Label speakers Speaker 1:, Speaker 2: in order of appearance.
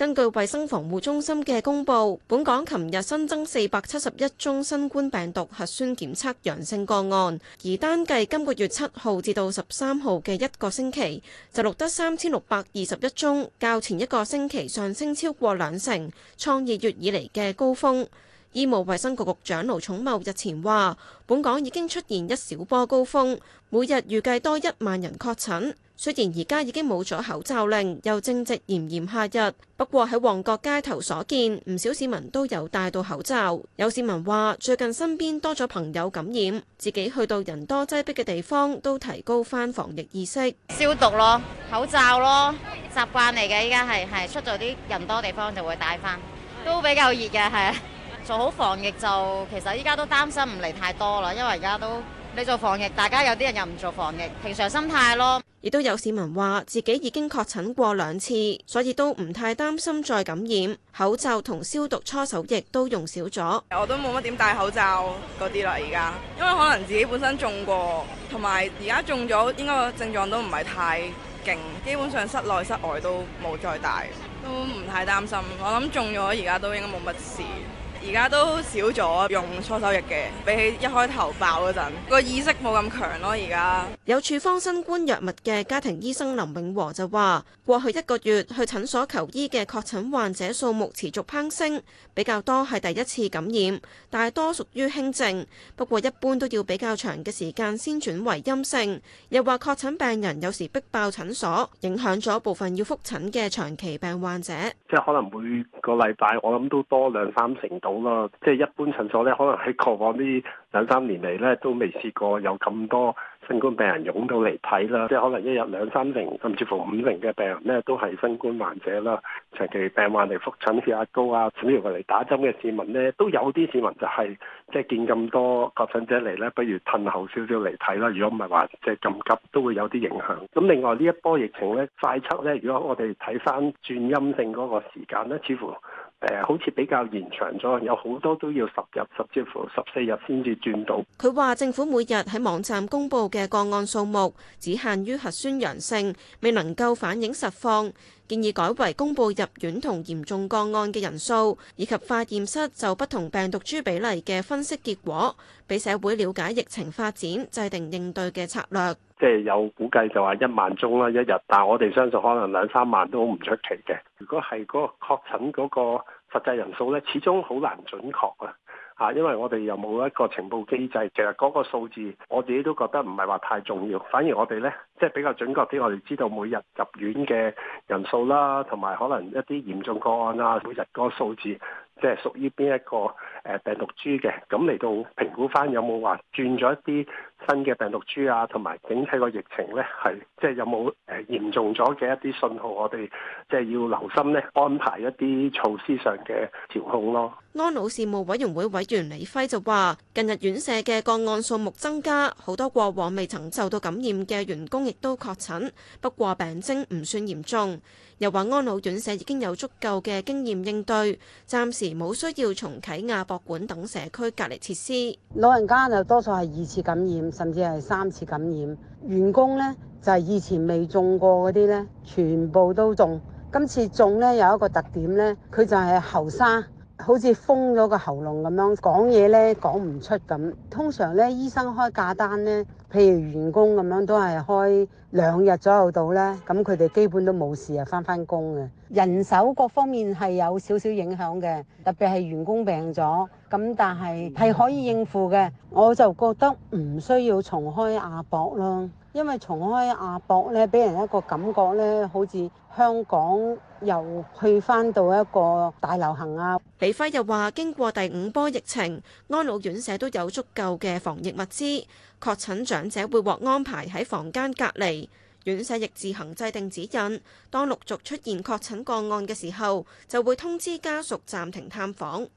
Speaker 1: 根據衛生防護中心嘅公佈，本港琴日新增四百七十一宗新冠病毒核酸檢測陽性個案，而單計今個月七號至到十三號嘅一個星期，就錄得三千六百二十一宗，較前一個星期上升超過兩成，創二月以嚟嘅高峰。醫務衛生局局長盧寵茂日前話，本港已經出現一小波高峰，每日預計多一萬人確診。雖然而家已經冇咗口罩令，又正值炎炎夏日，不過喺旺角街頭所見，唔少市民都有戴到口罩。有市民話，最近身邊多咗朋友感染，自己去到人多擠迫嘅地方都提高翻防疫意識，
Speaker 2: 消毒咯，口罩咯，習慣嚟嘅。依家係係出咗啲人多地方就會戴翻，都比較熱嘅係。做好防疫就，其實依家都擔心唔嚟太多啦，因為而家都你做防疫，大家有啲人又唔做防疫，平常心態咯。
Speaker 1: 亦都有市民話自己已經確診過兩次，所以都唔太擔心再感染。口罩同消毒搓手液都用少咗。
Speaker 2: 我都冇乜點戴口
Speaker 1: 罩嗰啲啦，而家因為可能自己本身中過同埋而家中咗應該個症狀都唔係太勁，基本上室內室外都冇再戴，都唔太擔心。我諗中咗而家都應該冇乜事。而家都少咗用搓手液嘅，比起一開頭爆嗰陣，個意識冇咁強咯。而家有處方新冠藥物嘅家庭醫生林永和就話，過去一個月去診所求醫嘅確診患者數目持續攀升，比較多係第一次感染，大多屬於輕症，不過一般都要比較長嘅時間先轉為陰性。又話確診病人有時逼爆診所，影響咗部分要覆診嘅長期病患者。
Speaker 3: 即係可能每個禮拜我諗都多兩三成好咯，即係一般診所咧，可能喺過往呢兩三年嚟咧，都未試過有咁多新冠病人湧到嚟睇啦。即係可能一日兩三成，甚至乎五成嘅病人咧，都係新冠患者啦。長期病患嚟複診血壓高啊，甚至乎嚟打針嘅市民咧，都有啲市民就係、是、即係見咁多確診者嚟咧，不如褪後少少嚟睇啦。如果唔係話即係咁急，都會有啲影響。咁另外呢一波疫情咧，快測咧，如果我哋睇翻轉陰性嗰個時間咧，似乎。誒，好似比較延長咗，有好多都要十日，甚至乎十四日先至轉到。
Speaker 1: 佢話政府每日喺網站公布嘅個案數目，只限於核酸陽性，未能夠反映實況，建議改為公布入院同嚴重個案嘅人數，以及化驗室就不同病毒株比例嘅分析結果，俾社會了解疫情發展，制定應對嘅策略。
Speaker 3: 即係有估計就話一萬宗啦一日，但係我哋相信可能兩三萬都唔出奇嘅。如果係嗰個確診嗰個實際人數呢，始終好難準確啊！嚇，因為我哋又冇一個情報機制，其實嗰個數字我自己都覺得唔係話太重要，反而我哋呢，即係比較準確啲，我哋知道每日入院嘅人數啦，同埋可能一啲嚴重個案啦，每日嗰個數字。即係屬於邊一個誒病毒株嘅，咁嚟到評估翻有冇話轉咗一啲新嘅病毒株啊，同埋整體個疫情咧，係即係有冇誒嚴重咗嘅一啲信號，我哋即係要留心咧，安排一啲措施上嘅調控咯啊。
Speaker 1: 安老事務委員會委員李輝就話，近日院舍嘅個案數目增加，好多過往未曾受到感染嘅員工亦都確診，不過病徵唔算嚴重。又話安老院舍已經有足夠嘅經驗應對暫時冇需要重啟亞博館等社區隔離設
Speaker 2: 施。老人家就多數係二次感染，甚至係三次感染。員工呢，就係以前未中過嗰啲呢，全部都中。今次中呢，有一個特點呢，佢就係喉沙，好似封咗個喉嚨咁樣，講嘢呢講唔出咁。通常呢，醫生開假單呢。譬如員工咁樣都係開兩日左右到啦，咁佢哋基本都冇事啊，翻返工嘅人手各方面係有少少影響嘅，特別係員工病咗咁，但係係可以應付嘅，我就覺得唔需要重開亞博咯，因為重開亞博咧，俾人一個感覺咧，好似香港又去翻到一個大流行啊。
Speaker 1: 李輝又話：經過第五波疫情，安老院舍都有足夠嘅防疫物資。確診長者會獲安排喺房間隔離，院舍亦自行制定指引。當陸續出現確診個案嘅時候，就會通知家屬暫停探訪。